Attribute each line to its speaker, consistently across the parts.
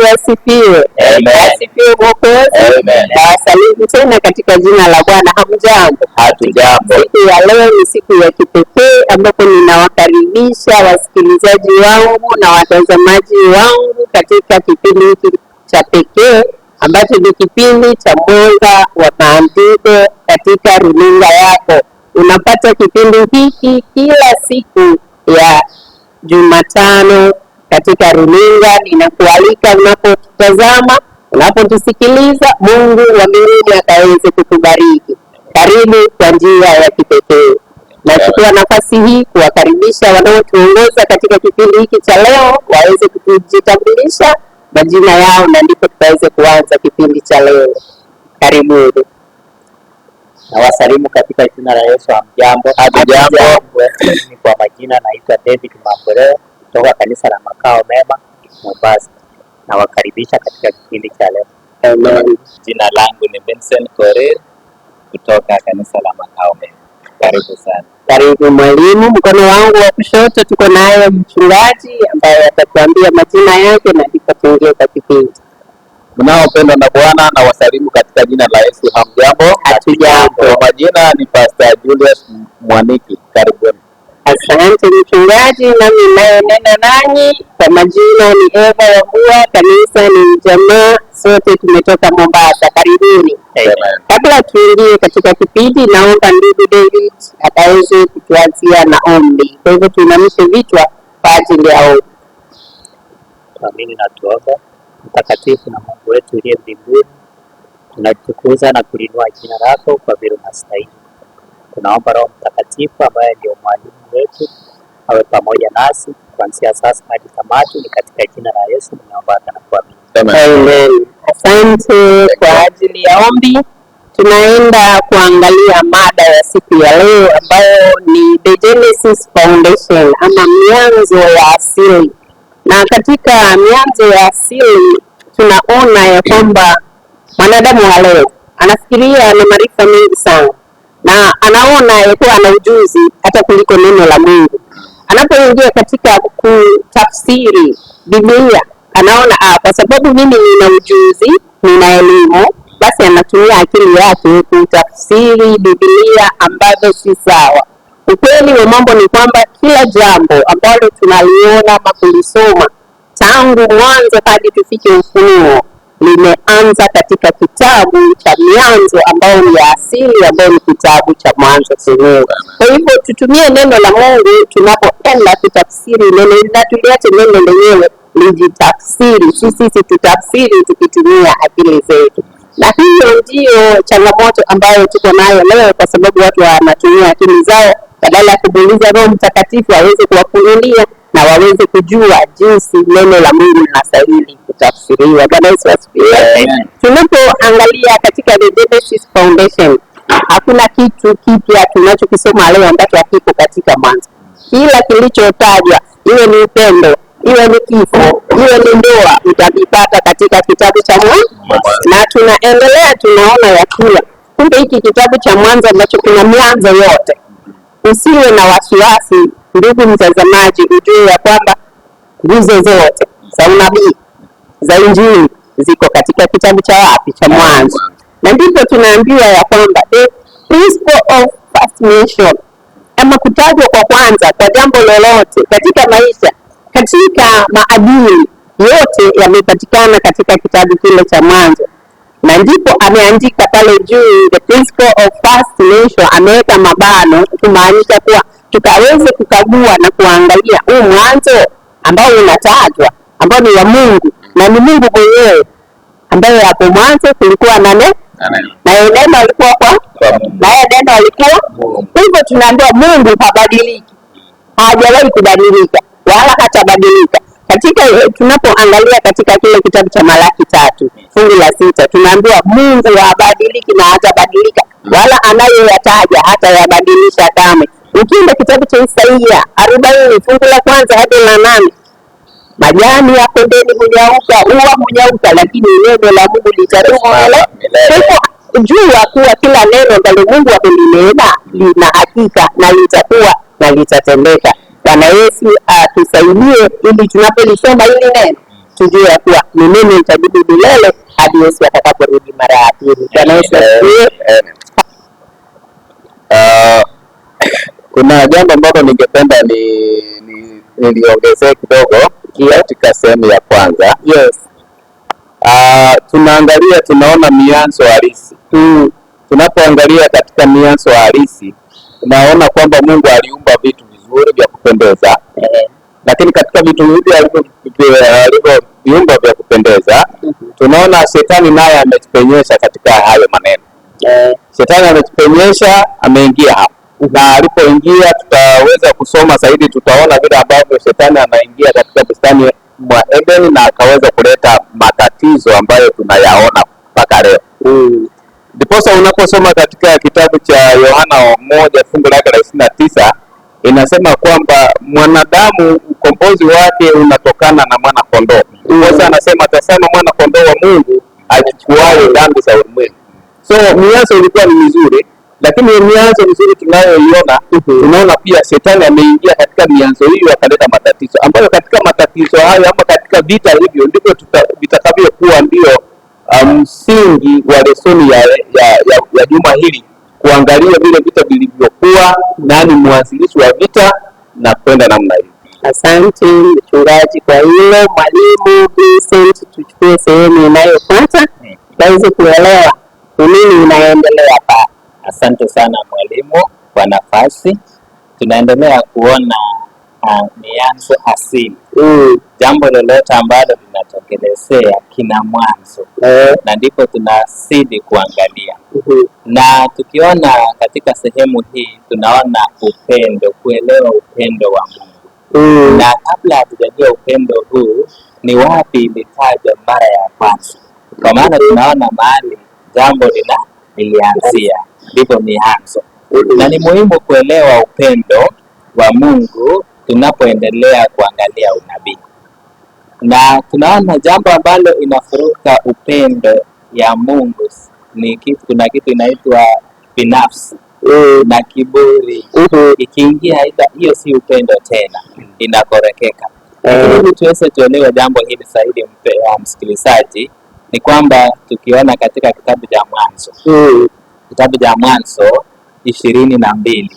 Speaker 1: Yesu asifiwe, asifiwe Mwokozi. Nawasalimu tena katika jina la Bwana. Hamjambo?
Speaker 2: Hatujambo.
Speaker 1: Siku ya leo ni siku ya kipekee ambapo ninawakaribisha wasikilizaji wangu na watazamaji wangu katika kipindi hiki cha pekee ambacho ni kipindi cha Mwanga wa Maandiko katika runinga yako. Unapata kipindi hiki kila siku ya Jumatano katika runinga, ninakualika unapotazama, unapotusikiliza, Mungu wa mbinguni akaweze kukubariki. Karibu kwa njia ya kipekee. Nachukua nafasi hii kuwakaribisha wanaotuongoza katika kipindi hiki cha leo waweze kujitambulisha majina yao, na ndipo tutaweze kuanza kipindi cha leo. Karibuni.
Speaker 2: Nawasalimu katika jina la Yesu. Amjambo. Amjambo. Kwa majina naitwa David Mapoleo kutoka kanisa la Makao Mema Mombasa, na wakaribisha katika kipindi cha leo. Hello, jina langu ni Vincent Korir kutoka kanisa la Makao Mema. Karibu sana.
Speaker 1: Karibu mwalimu. Mkono wangu wa kushoto tuko naye mchungaji ambaye atatuambia majina yake na ndipo tuingie kwa kipindi.
Speaker 2: Mnaopendwa na Bwana na wasalimu katika jina la Yesu. Hamjambo? Hatujambo. Majina ni Pastor Julius Mwaniki. Karibuni.
Speaker 1: Asante mchungaji, nami ninayenena nanyi kwa majina ni Eva Wabua. Kanisa ni mjamaa, sote tumetoka Mombasa. Karibuni. Kabla tuingie katika kipindi, naomba ndugu David akaweze kutuanzia na ombi. Kwa hivyo tuinamishe vichwa kwa ajili ya ombi.
Speaker 2: Tuamini na tuomba. Mtakatifu na Mungu wetu uliye mbinguni, tunatukuza na kulinua jina lako kwa vile unastahili Tunaomba Roho Mtakatifu ambaye ndio mwalimu wetu awe pamoja nasi kuanzia sasa hadi tamati. Ni katika jina la Yesu nimeomba na kuamini.
Speaker 1: Amen. Asante kwa ajili ya ombi. Tunaenda kuangalia mada ya siku ya leo ambayo ni The Genesis Foundation ama mianzo ya asili, na katika mianzo ya asili tunaona ya kwamba mwanadamu wa leo anafikiria na maarifa mengi sana na anaona yeye ana ujuzi hata kuliko neno la Mungu. Anapoingia katika kutafsiri Biblia, anaona ah, kwa sababu mimi nina ujuzi, nina elimu, basi anatumia akili yake kutafsiri Biblia ambazo si sawa. Ukweli wa mambo ni kwamba kila jambo ambalo tunaliona ama kulisoma tangu mwanzo hadi tufike Ufunuo limeanza katika kitabu cha Mianzo ambayo ni ya asili, ambayo ni kitabu cha Mwanzo chenyewe. Kwa hivyo tutumie neno la Mungu tunapoenda kutafsiri neno na tuliache neno lenyewe lijitafsiri, si sisi tutafsiri tukitumia akili zetu. Na hiyo ndiyo changamoto ambayo tuko nayo leo, kwa sababu watu wanatumia akili zao badala ya kumuuliza Roho Mtakatifu aweze kuwafunulia na waweze kujua jinsi neno la Mungu linastahili kutafsiriwa. Bwana Yesu
Speaker 2: asifiwe.
Speaker 1: Tunapoangalia katika The Genesis Foundation, hakuna kitu kipya tunachokisoma leo ambacho hakipo katika mwanzo. Kila kilichotajwa, iwe ni upendo, iwe ni kifo, iwe ni ndoa, utakipata katika kitabu cha Mwanzo, na tunaendelea tunaona ya kila kumbe, hiki kitabu cha Mwanzo ambacho kuna mwanzo yote. Usiwe na wasiwasi, ndugu mtazamaji, ujue ya kwamba nguzo zote za unabii za Injili ziko katika kitabu cha wapi cha Mwanzo, na ndipo tunaambiwa ya kwamba the principle of first mention ama kutajwa kwa kwanza kwa jambo lolote katika maisha, katika maadili yote yamepatikana katika kitabu kile cha Mwanzo, na ndipo ameandika pale juu the principle of first mention, ameweka mabano kumaanisha kuwa tukaweze kukagua na kuangalia huu mwanzo ambao unatajwa ambao ni wa Mungu na ni Mungu mwenyewe ambaye hapo mwanzo kulikuwa na neno na neno alikuwa kwa na neno alikuwa hivyo. Tunaambiwa Mungu habadiliki, hajawahi kubadilika wala hatabadilika. Katika e, tunapoangalia katika kile kitabu cha Malaki tatu fungu la sita tunaambiwa Mungu habadiliki na hatabadilika, mm. wala anayoyataja hatayabadilisha kame. Ukienda kitabu cha Isaia arobaini fungu la kwanza hadi la nane majani yako ndeni mwenyauka uwa mwenyauka, lakini neno la Mungu litadumu. Kwa jua kuwa kila neno ambalo Mungu amelinena lina hakika na litakuwa na litatendeka. Bwana Yesu atusaidie, ili tunapolisoma hili neno tujue kuwa ni neno litadumu milele hadi Yesu atakaporudi mara ya pili. Bwana Yesu asifiwe.
Speaker 2: Ah, kuna jambo ambalo ningependa ni niliongezee kidogo katika sehemu ya kwanza yes. Uh, tunaangalia tunaona mianzo halisi tu. Tunapoangalia katika mianzo halisi tunaona kwamba Mungu aliumba vitu vizuri vya kupendeza mm -hmm. Lakini katika vitu hivi alivyoviumba vya kupendeza mm -hmm. Tunaona shetani naye amejipenyesha katika hayo maneno mm -hmm. Shetani amejipenyesha, ameingia hapo mm-hmm. na alipoingia tutaweza kusoma zaidi, tutaona vile ambavyo shetani anaingia katika bustani mwa Eden na akaweza kuleta matatizo ambayo tunayaona mpaka leo. Hmm. Ndiposa mm, unaposoma katika kitabu cha Yohana moja fungu lake la ishirini na tisa inasema kwamba mwanadamu ukombozi wake unatokana na mwana kondoo. Hmm. Sasa anasema tasema, mwana kondoo wa Mungu achukuaye dhambi za ulimwengu. So miaso ilikuwa ni mizuri lakini mianzo mizuri tunayoiona, mhm. tunaona pia shetani ameingia katika mianzo hiyo akaleta matatizo, ambayo katika matatizo hayo ama katika vita hivyo ndivyo vitakavyokuwa ndio ah, msingi um, wa lesoni ya, ya, ya, ya juma hili, kuangalia vile vita vilivyokuwa, nani mwanzilishi wa vita na kwenda namna hii
Speaker 1: Asante mchungaji kwa hilo. Mwalimu Vincent, tuchukue sehemu inayofuata mm. tuweze kuelewa ni nini inaendelea
Speaker 2: Asante sana mwalimu kwa nafasi. Tunaendelea kuona uh, mianzo asili. Huu jambo lolote ambalo linatokelezea kina mwanzo eh, na ndipo tunasidi kuangalia -hmm. Na tukiona katika sehemu hii tunaona upendo, kuelewa upendo wa Mungu mm. Na kabla hatujajua upendo huu ni wapi ilitajwa mara ya kwanza, kwa maana tunaona mahali jambo lina lilianzia ni mianzo, na ni muhimu kuelewa upendo wa Mungu tunapoendelea kuangalia unabii, na tunaona jambo ambalo inafuruka upendo ya Mungu ni kitu, kuna kitu inaitwa binafsi mm. na kiburi ikiingia ikiingia hiyo si upendo tena, inakorekeka ili tuweze tuelewe jambo hili zaidi, mpe wa msikilizaji, ni kwamba tukiona katika kitabu cha Mwanzo Kitabu cha Mwanzo ishirini na mbili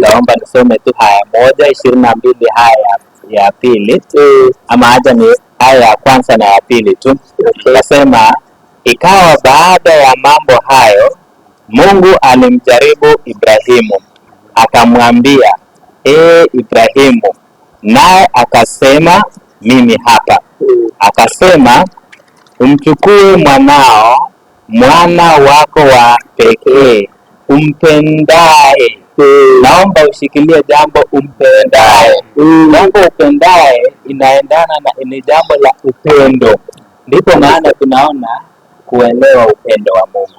Speaker 2: naomba nisome tu haya moja ishirini na mbili haya ya pili ama haja ni haya ya kwanza na ya pili tu. Ikasema ikawa baada ya mambo hayo, Mungu alimjaribu Ibrahimu akamwambia, ee Ibrahimu, naye akasema mimi hapa. Akasema umchukue mwanao mwana wako wa pekee umpendae hmm. Naomba ushikilie jambo umpendae hmm. Jambo upendae inaendana na ni jambo la upendo, ndipo maana tunaona kuelewa upendo wa Mungu.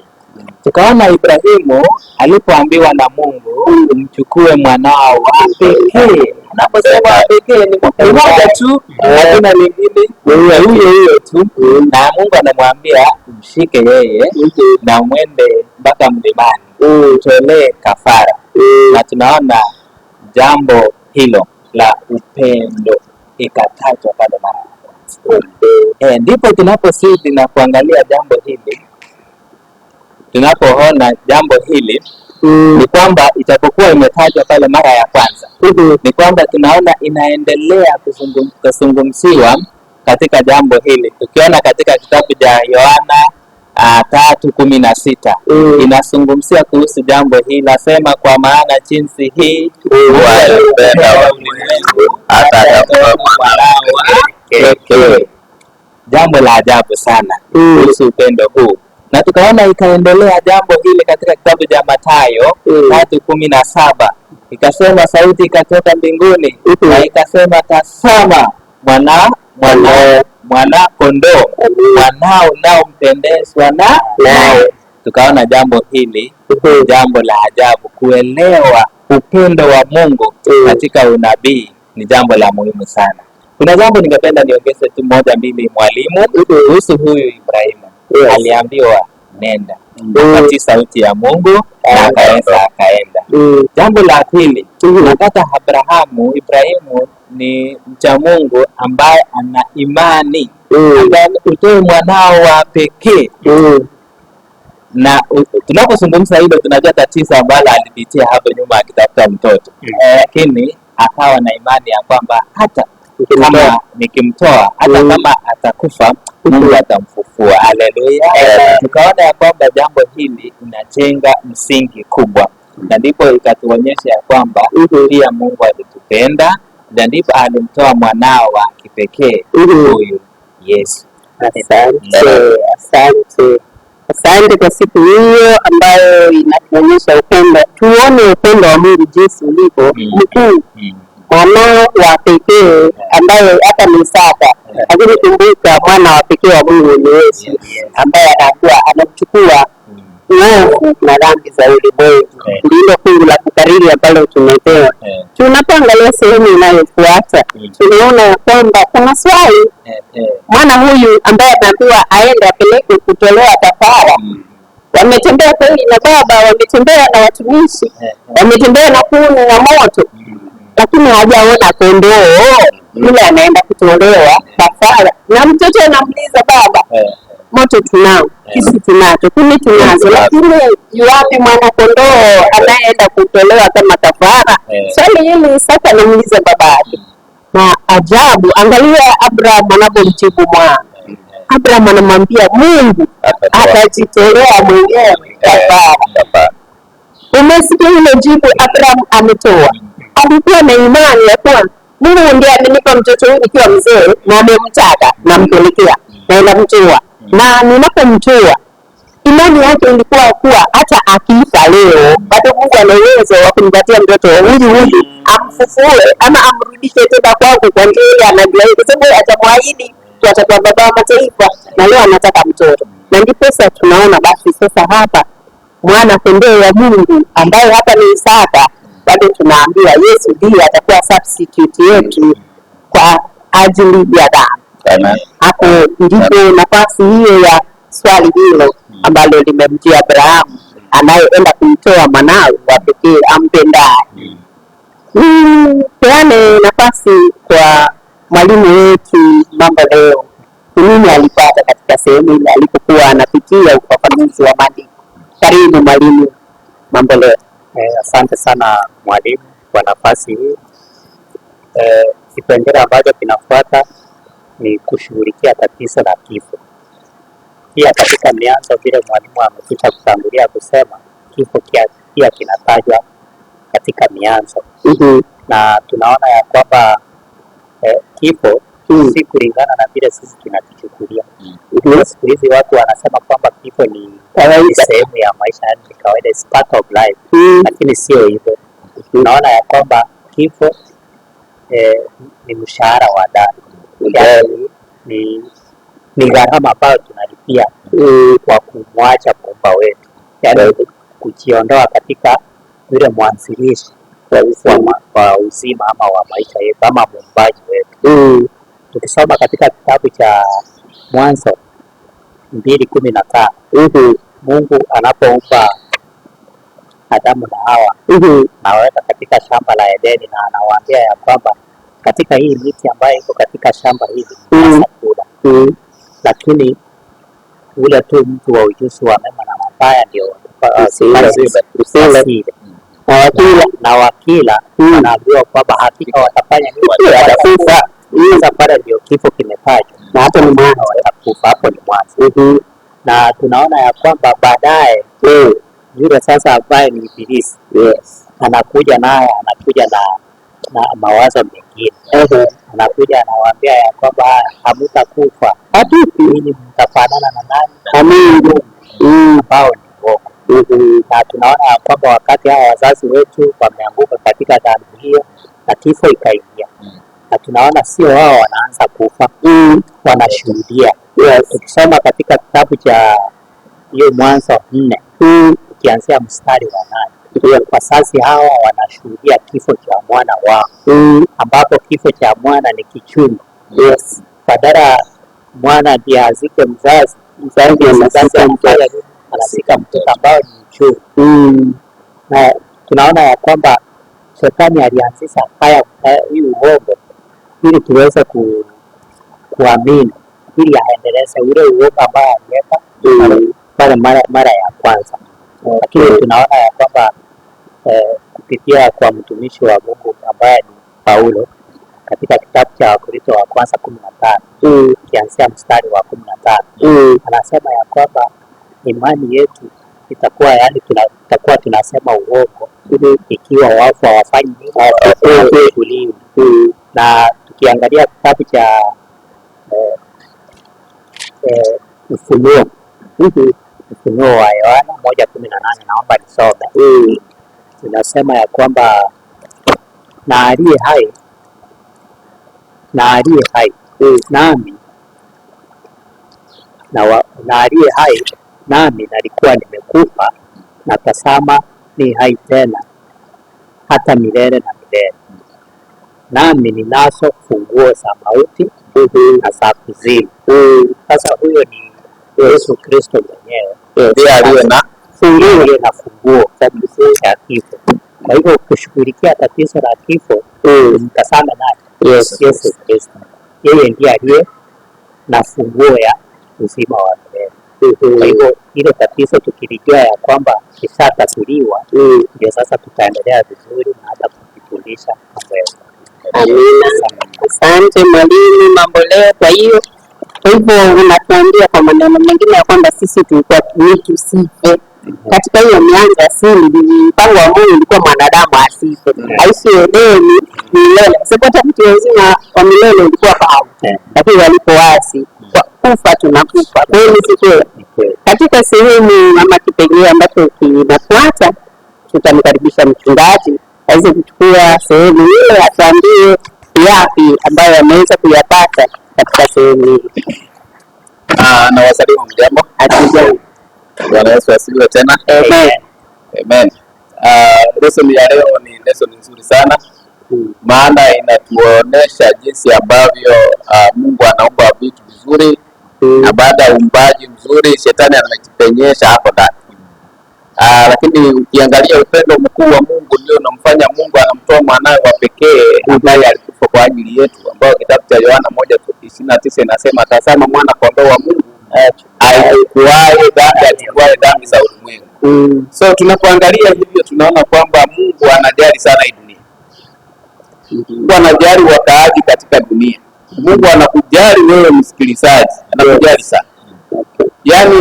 Speaker 2: Tukaona Ibrahimu alipoambiwa na Mungu umchukue mwanao wa pekee unaposema pekee ni
Speaker 1: mwaka mmoja tu, hakuna lingine,
Speaker 2: huyo huyo tu. Na Mungu anamwambia mshike yeye na mwende mpaka mlimani mm. utolee kafara, mm. na tunaona jambo hilo la upendo ikatajwa pale mara ya kwanza. Mm. Eh, ndipo tunaposidi na kuangalia jambo hili, tunapoona jambo hili Mm. ni kwamba itapokuwa imetajwa pale mara ya kwanza mm-hmm. ni kwamba tunaona inaendelea kuzungumziwa katika jambo hili, tukiona katika kitabu cha Yohana ah, tatu kumi na sita mm. inazungumzia kuhusu jambo hili, nasema kwa maana jinsi hii walipenda mm. mm. Jambo la ajabu sana kuhusu mm. upendo huu na tukaona ikaendelea jambo hili katika kitabu cha Mathayo mm. tatu kumi na saba ikasema sauti ikatoka mbinguni mm. na ikasema, tasama mwana mwana mwana kondoo mwanao naompendezwa na nao Tukaona jambo hili jambo la ajabu, kuelewa upendo wa Mungu mm. katika unabii ni jambo la muhimu sana. Kuna jambo ningependa niongeze tu moja mbili, mwalimu, kuhusu huyu Ibrahimu. Yes. Aliambiwa nenda kati mm. sauti ya Mungu na akaweza akaenda. mm. Jambo la pili mm-hmm. napata mm. Abrahamu Ibrahimu ni mcha Mungu ambaye ana imani mm. utoe mwanao wa pekee mm. na tunapozungumza hilo tunajua tatizo ambalo alipitia hapo nyuma akitafuta mtoto, lakini mm. eh, akawa na imani ya kwamba hata kama nikimtoa hata mm. kama atakufa huyu mm. atamfufua. Haleluya! yeah. Tukaona ya kwamba jambo hili inajenga msingi kubwa, na ndipo ikatuonyesha ya kwamba mm-hmm. pia Mungu alitupenda na ndipo alimtoa mwanao wa kipekee mm-hmm. huyu Yesu.
Speaker 1: Asante, asante, asante kwa siku hiyo ambayo inatuonyesha upendo, tuone upendo wa Mungu jinsi ulivyo mkuu mm. mm mwanao wa pekee ambaye hata ni saba, lakini kumbuka, mwana wa pekee wa Mungu ni Yesu ambaye anakuwa anachukua uovu na dhambi za ulimwengu. Ndilo fungu la kukariri ambalo tumepewa. Tunapoangalia sehemu inayofuata, tunaona ya kwamba kuna swali, mwana huyu ambaye anakuwa aende apeleke kutolewa kafara wametembea kweli na baba, wametembea na watumishi, wametembea na kuni na moto lakini hajaona kondoo mm-hmm. yule anaenda kutolewa kafara, na mtoto anamuuliza baba, eh, eh. moto tunao kisi eh. tunacho kuni tunazo, lakini yuwapi mwana kondoo anayeenda kutolewa kama kafara? Swali hili sasa anamuuliza baba yake, na ajabu, angalia abraham anapomjibu mwana abraham anamwambia Mungu atajitolea mwenyewe kafara. Umesikia hilo jibu abraham ametoa mm-hmm ulikuwa na imani ya kuwa Mungu ndiye amenipa mtoto huu nikiwa mzee na amemtaka, nampelekea na na ninapomtua imani yake ilikuwa kuwa hata akifa leo bado Mungu ana uwezo wa kunipatia mtoto huyu huyu, amfufue ama amrudishe tena kwangu kwa njia ile anajua, kwa sababu atamwahidi atakuwa baba wa mataifa, na leo anataka mtoto. Na ndiposa tunaona basi sasa hapa mwana kondoo wa Mungu ambaye hapa ni Isaka bado tunaambiwa Yesu ndiye atakuwa substitute yetu kwa ajili ya dhambi. Hapo ndipo nafasi hiyo ya swali hilo ambalo limemjia Abrahamu anayeenda kumtoa mwanawe wa pekee ampendaye. peane nafasi kwa mwalimu wetu mambo leo, ni nini alipata katika sehemu ile alipokuwa anapitia ufafanuzi wa maandiko? Karibu mwalimu mambo leo.
Speaker 2: Eh, asante sana mwalimu kwa nafasi hii. Eh, kipengele ambacho kinafuata ni kushughulikia tatizo la kifo. Pia katika mianzo, vile mwalimu amekwisha kutangulia kusema, kifo pia kinatajwa katika mianzo mm -hmm. na tunaona ya kwamba eh, kifo mm. si kulingana na vile sisi tunakichukulia. mm. siku hizi watu wanasema kwamba kifo ni sehemu ya maisha, yani ni kawaida, part of life, hmm. lakini sio hivyo. Tunaona ya kwamba kifo eh, ni mshahara wa dani, yani hmm. ni ni gharama ambayo tunalipia mm. kwa kumwacha muumba wetu, yani hmm. kujiondoa katika yule mwanzilishi wa, wa uzima ama wa maisha yetu ama muumbaji wetu mm. Tukisoma katika kitabu cha Mwanzo mbili kumi na tano huku Mungu anapoupa Adamu na Hawa anaweka katika shamba la Edeni na anawaambia ya kwamba katika hii miti ambayo iko katika shamba hili mm. kula, mm. lakini ule tu mtu wa ujuzi wa mema na mabaya ndio na wakila mm. wanaambiwa kwamba hakika watafanya nini? Watakufa hii safari ndio kifo kimetajwa na hata ni mwana akakufa hapo, ni mwanzo mm -hmm. na tunaona ya kwamba baadaye mm. yule sasa ambaye ni Ibilisi yes. anakuja naye anakuja na, na mawazo mengine mm -hmm. anakuja anawaambia ya kwamba hamutakufa, hatupi ninyi, mtafanana na nani mm. ambao ni uongo mm -hmm. na tunaona ya kwamba wakati hawa wazazi wetu wameanguka katika dhambi hiyo na kifo ikai na tunaona sio wao wanaanza kufa mm. wanashuhudia yes. Ukisoma katika kitabu cha hiyo Mwanzo nne mm. ukianzia mstari wa nane eh, wasasi hawa wanashuhudia kifo cha mwana wao mm. ambapo kifo cha mwana ni kichungu yes. Badala mwana ndiye azike mzazi, mzazi anazika mtoto ambao ni mchungu mm. na tunaona ya kwamba shetani alianzisha haya hii uongo ili tuweze ku, kuamini ili aendeleze ule uoga ambayo aliweka pale mara ya kwanza, lakini tunaona ya kwamba eh, kupitia kwa mtumishi wa Mungu ambaye ni Paulo katika kitabu cha Wakorintho wa kwanza kumi na tano ukianzia mm. mstari wa kumi na tano mm. anasema ya kwamba imani yetu itakuwa yani itakuwa tunasema uongo mm-hmm. ikiwa wafu hawafanyi nini, mm-hmm. mm-hmm. na Ukiangalia kitabu cha eh, eh, Ufunuo Ufunuo wa Yohana moja kumi na nane naomba nisome hii. Inasema ya kwamba na aliye hai na aliye hai nami na aliye hai nami nalikuwa nimekufa, na tazama, ni hai tena hata milele na milele nami ninazo funguo za mauti, na za kuzimu. Sasa huyo ni Yesu Kristo mwenyewe ndiye aliye na funguo na funguo za mizizi ya kifo. Kwa hivyo ukishughulikia tatizo la kifo, mtazame naye Yesu Kristo, yeye ndiye aliye na funguo ya uzima wa milele. Kwa hivyo hilo tatizo tukilijua ya kwamba kishatatuliwa, mm. ndio sasa tutaendelea vizuri na hata kujifundisha mambo
Speaker 1: Amina, asante mwalimu mambo leo Kwa hiyo kwa hivyo unatuambia kwa maneno mengine ya kwamba sisi tulikuwa tusife katika hiyo mianzo asili, mpango wa Mungu ulikuwa mwanadamu asife, aishi leo ni milele, kwa sababu hata mtu wazima wa milele ulikuwa pao, lakini walipoasi kufa tunakufa kweli, si Katika sehemu ama kipengele ambacho kinafuata, tutamkaribisha mchungaji waweze kuchukua sehemu hiyo, atuambie yapi ambayo ameweza kuyapata katika sehemu hiyo.
Speaker 2: Ah, na wasalimu mjambo,
Speaker 1: hatujambo.
Speaker 2: Bwana Yesu asifiwe tena. Amen. Amen. Ah, ya leo ni lesoni nzuri sana hmm. Maana inatuonesha jinsi ambavyo ah, Mungu anaumba vitu vizuri hmm. Na baada ya uumbaji mzuri shetani anajipenyesha hapo ndani Aa, ah, lakini ukiangalia upendo mkuu wa Mungu ndio unamfanya Mungu anamtoa mwanawe wa pekee ambaye alikufa kwa ajili yetu, ambayo kitabu cha Yohana moja ishirini na tisa inasema tazama mwana kondoo wa Mungu aichukuaye dhambi achukuaye dhambi za ulimwengu. Mm. So tunapoangalia hivyo tunaona kwamba Mungu anajali sana hii dunia. Mungu anajali wakaaji katika dunia. Mungu anakujali wewe msikilizaji, anakujali sana yani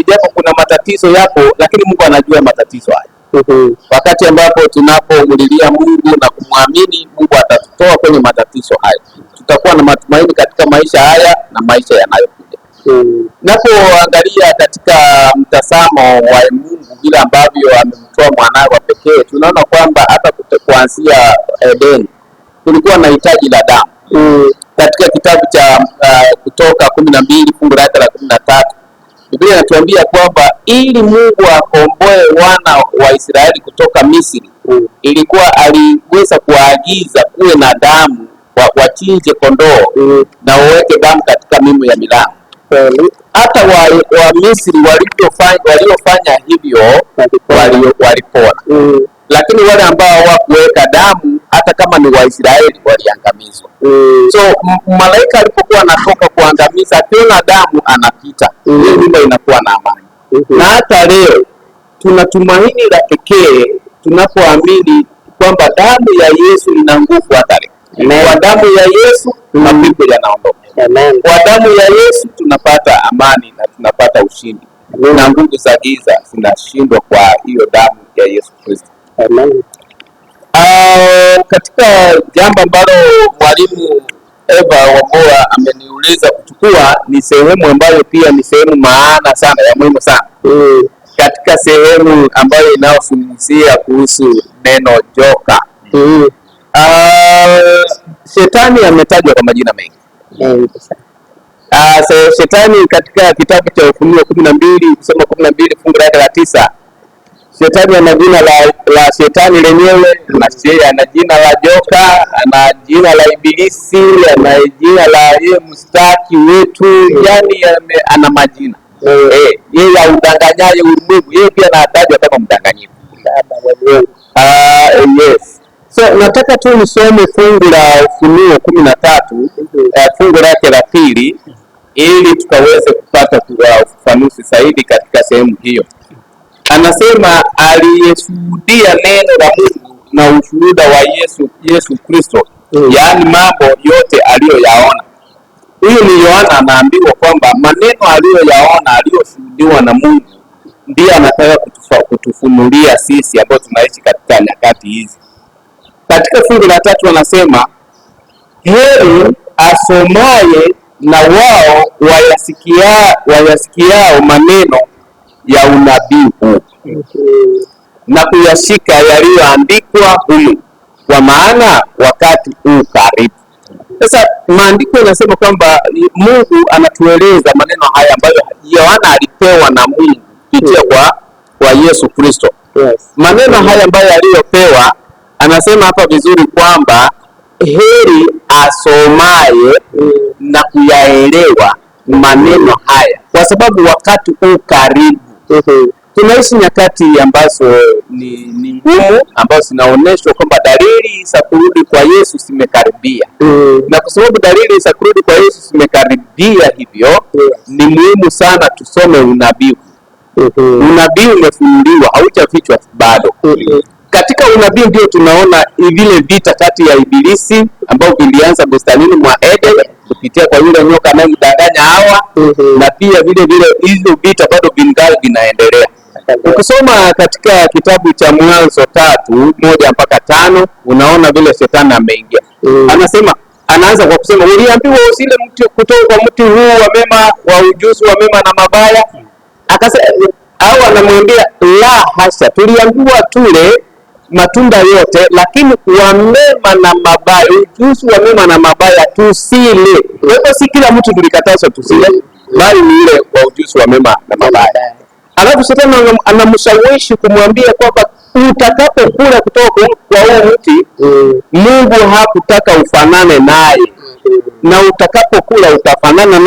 Speaker 2: ijapo kuna matatizo yapo, lakini Mungu anajua matatizo haya mm-hmm. Wakati ambapo tunapomlilia Mungu na kumwamini Mungu, atatutoa kwenye matatizo haya, tutakuwa na matumaini katika maisha haya na maisha yanayokuja. Mm-hmm. Napoangalia katika mtazamo wa Mungu vile ambavyo amemtoa mwanawe wa pekee, tunaona kwamba hata kuanzia eh, Edeni kulikuwa na hitaji la damu. Mm-hmm. Katika kitabu cha uh, Kutoka kumi na mbili fungu lake la kumi na tatu Biblia inatuambia kwamba ili Mungu akomboe wana wa Israeli kutoka Misri, ilikuwa aliweza kuwaagiza kuwe na damu, wachinje kondoo mm, na waweke damu katika mimu ya milango hata wa, wa Misri waliofanya hivyo walipona, mm, lakini wale ambao hawakuweka damu hata kama ni Waisraeli waliangamizwa. Mm. So malaika alipokuwa anatoka kuangamiza, tena damu anapita, mm. nyumba mm. inakuwa na amani. mm -hmm. Na hata leo tuna tumaini la pekee tunapoamini kwamba damu ya Yesu ina nguvu hata leo. Kwa damu ya Yesu mm. mapigo yanaondoka. Kwa damu ya Yesu tunapata amani na tunapata ushindi na nguvu za giza zinashindwa kwa hiyo damu ya Yesu Kristo. Amen. Uh, katika jambo ambalo mwalimu Eva Wambua ameniuliza kuchukua ni sehemu ambayo pia ni sehemu maana sana ya muhimu sana mm. Katika sehemu ambayo inayozungumzia kuhusu neno joka mm. Uh, shetani ametajwa kwa majina mengi mm. Uh, so shetani katika kitabu cha Ufunuo kumi na mbili kusoma kumi na mbili fungu lake la tisa Shetani ana jina la, la shetani lenyewe, ana jina la joka, ana jina la ibilisi, ana jina la yeye mstaki wetu Yani ana majina Eh, eh yeye audanganyaye ulimwengu, yeye pia anatajwa kama mdanganyifu ah, yes. So nataka tu nisome fungu la Ufunuo kumi na tatu mm-hmm. eh, fungu lake la pili ili tukaweze kupata ufafanuzi zaidi katika sehemu hiyo anasema aliyeshuhudia neno la Mungu na ushuhuda wa Yesu Yesu Kristo mm. yaani mambo yote aliyoyaona. Huyu ni Yohana anaambiwa kwamba maneno aliyoyaona aliyoshuhudiwa na Mungu ndiye anataka kutufunulia sisi ambao tunaishi katika nyakati hizi. Katika fungu la tatu anasema heri asomaye na wao wayasikia, wayasikiao maneno ya unabii na kuyashika yaliyoandikwa humu, kwa maana wakati huu karibu. Sasa maandiko yanasema kwamba Mungu anatueleza maneno haya ambayo Yohana alipewa na Mungu kupitia kwa, kwa Yesu Kristo. Yes. Maneno haya ambayo aliyopewa anasema hapa vizuri kwamba heri asomaye mm, na kuyaelewa maneno haya kwa sababu wakati huu karibu. Tunaishi nyakati ambazo ni, ni ngumu ambazo zinaonyeshwa kwamba dalili za kurudi kwa Yesu zimekaribia mm. Na kwa sababu dalili za kurudi kwa Yesu zimekaribia hivyo yes. Ni muhimu sana tusome unabii mm -hmm. Unabii umefunuliwa haujafichwa bado mm -hmm. Katika unabii ndio tunaona vile vita kati ya Ibilisi ambao vilianza bustanini mwa Edeni kupitia kwa yule nyoka anayemdanganya hawa mm -hmm. na pia vile vile hizo vita bado vingali vinaendelea. Ukisoma katika kitabu cha Mwanzo tatu moja mpaka tano unaona vile shetani ameingia mm. Anasema, anaanza kwa kusema uliambiwa usile mti kutoka kwa mti huu wa mema wa ujuzi wa mema na mabaya, akasema au anamwambia la hasa tuliambiwa tule matunda yote, lakini wa mema na mabaya, ujuzi wa mema na mabaya tusile. Kwa hivyo si kila mtu tulikatazwa tusile, bali ni ile wa ujuzi wa mema na mabaya. Alafu shetani anamshawishi kumwambia kwamba utakapokula kutoka kwa huu mti mm. Mungu hakutaka ufanane naye mm. na utakapokula utafanana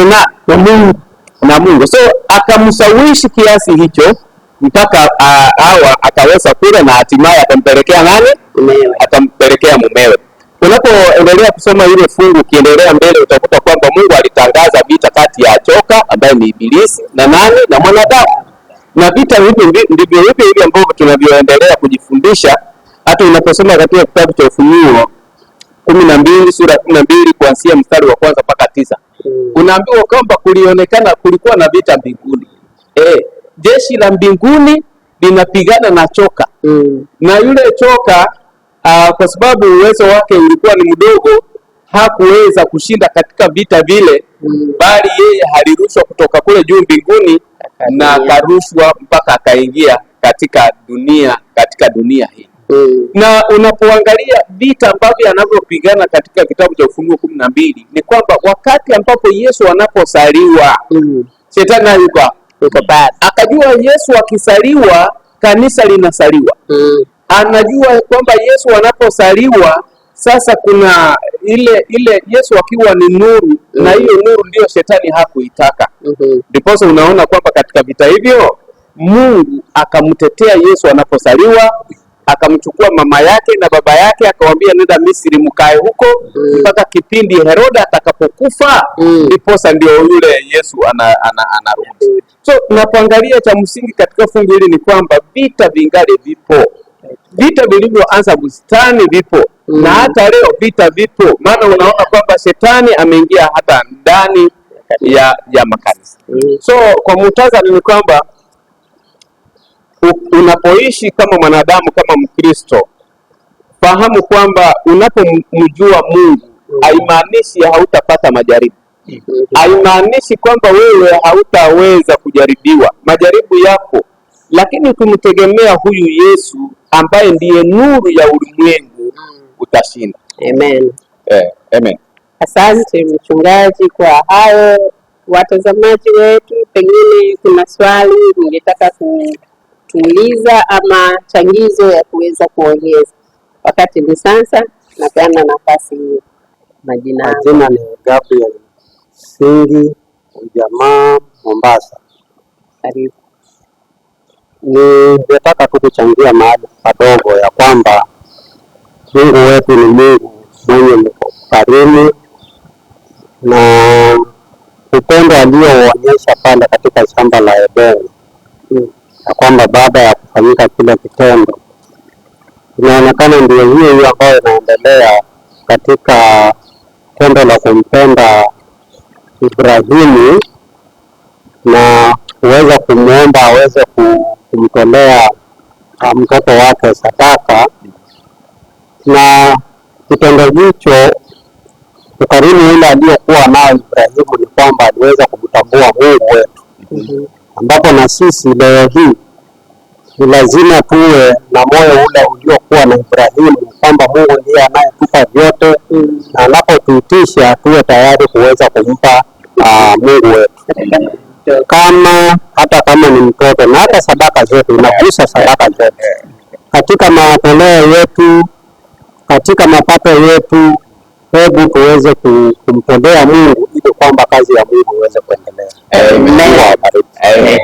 Speaker 2: na Mungu na Mungu, so akamshawishi kiasi hicho mpaka Hawa akaweza kula na hatimaye atampelekea nani? Atampelekea mumewe. Unapoendelea kusoma ile fungu, ukiendelea mbele utakuta kwamba Mungu alitangaza vita kati ya choka ambaye ni Ibilisi na nani na mwanadamu, na vita hivi ndivyo hivi hivi ambavyo tunavyoendelea kujifundisha hata unaposoma katika kitabu cha Ufunuo kumi na mbili sura kumi na mbili kuanzia mstari wa kwanza mpaka tisa mm. unaambiwa kwamba kulionekana kulikuwa na vita mbinguni eh jeshi la mbinguni linapigana na choka mm. na yule choka uh, kwa sababu uwezo wake ulikuwa ni mdogo, hakuweza kushinda katika vita vile mm. bali yeye alirushwa kutoka kule juu mbinguni na akarushwa mpaka akaingia katika dunia katika dunia hii mm. na unapoangalia vita ambavyo anavyopigana katika kitabu cha Ufunuo kumi na mbili ni kwamba wakati ambapo Yesu anaposaliwa mm. shetani yuko Mm. Akajua Yesu akisaliwa kanisa linasaliwa mm. Anajua kwamba Yesu anaposaliwa sasa kuna ile ile Yesu akiwa ni nuru mm. na hiyo nuru ndiyo shetani hakuitaka mm-hmm. ndiposa mm -hmm. Unaona kwamba katika vita hivyo Mungu akamtetea Yesu anaposaliwa akamchukua mama yake na baba yake akawambia, nenda Misri mkae huko mm. mpaka mm. kipindi Heroda atakapokufa ndiposa mm. ndio yule Yesu anarudi ana, ana, ana. so napoangalia cha msingi katika fungu hili ni kwamba vita vingali vipo, vita vilivyoanza bustani vipo mm. na hata leo vita vipo, maana unaona kwamba shetani ameingia hata ndani ya, ya makanisa mm. so kwa mtazamo ni kwamba unapoishi kama mwanadamu, kama Mkristo, fahamu kwamba unapomjua Mungu haimaanishi hautapata majaribu, haimaanishi kwamba wewe hautaweza kujaribiwa. Majaribu yako, lakini ukimtegemea huyu Yesu ambaye ndiye nuru ya ulimwengu, utashinda. Amen. Eh, amen.
Speaker 1: Asante mchungaji kwa hayo. Watazamaji wetu, pengine kuna swali ningetaka ku tuliza ama changizo ya kuweza kuongeza. Wakati ni sasa, napeana nafasi hiyo. Majina
Speaker 2: jina ni Gabriel Singi, jamaa Mombasa. Karibu. Ningetaka tu kuchangia mahali padogo ya kwamba Mungu wetu ni Mungu mwenye mkarimu na upendo alioonyesha pale katika shamba la Edeni mm kwamba baada ya kufanyika kile kitendo, inaonekana ndio hiyo hiyo ambayo inaendelea katika tendo la kumpenda Ibrahimu na kuweza kumwomba aweze kumtolea ah, mtoto wake sadaka. Na kitendo hicho, ukarimu ule aliyokuwa nao Ibrahimu ni kwamba aliweza kumtambua Mungu wetu, mm-hmm. ambapo na sisi leo hii ni lazima tuwe na moyo ule uliokuwa na Ibrahimu, kwamba Mungu ndiye anayetupa vyote mm. na anapotuitisha tuwe tayari kuweza kumpa uh, Mungu wetu kama hata kama ni mtoto, na hata sadaka zetu inagusa sadaka zetu katika matoleo yetu, katika mapato yetu, hebu tuweze kumtolea Mungu ili kwamba kazi ya Mungu iweze kuendelea. Amen. Amen. Amen.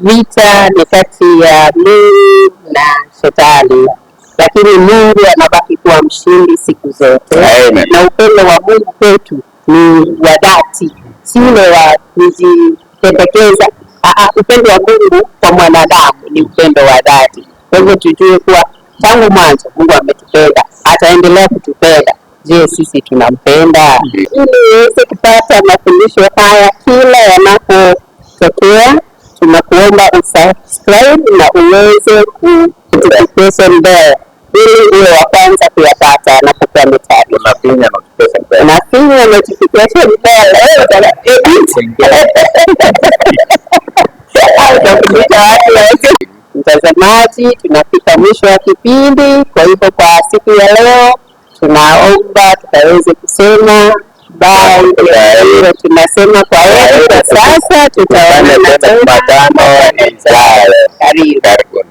Speaker 1: Vita ni kati ya Mungu na Shetani, lakini Mungu anabaki kuwa mshindi siku zote. Amen. Na upendo wa Mungu kwetu ni wa dhati, si ule wa kujipendekeza. Ah, ah, upendo wa Mungu kwa mwanadamu ni upendo wa dhati. Kwa hivyo tujue kuwa tangu mwanzo Mungu ametupenda, ataendelea kutupenda. Je, sisi tunampenda? Ili niweze kupata mafundisho haya kila yanapotokea naomba usubscribe na uweze kutufikisha mbele ili uwe wa kwanza kuyapata na kupewa mitaji.
Speaker 2: Unafinya
Speaker 1: notification bell eh, eh, eh, Mtazamaji, tunafika mwisho wa kipindi. Kwa hivyo, kwa siku ya leo, tunaomba tutaweze kusema bali kwa tunasema kwa heri kwa sasa, tutaonana tena
Speaker 2: Jumatano ijayo. Karibu.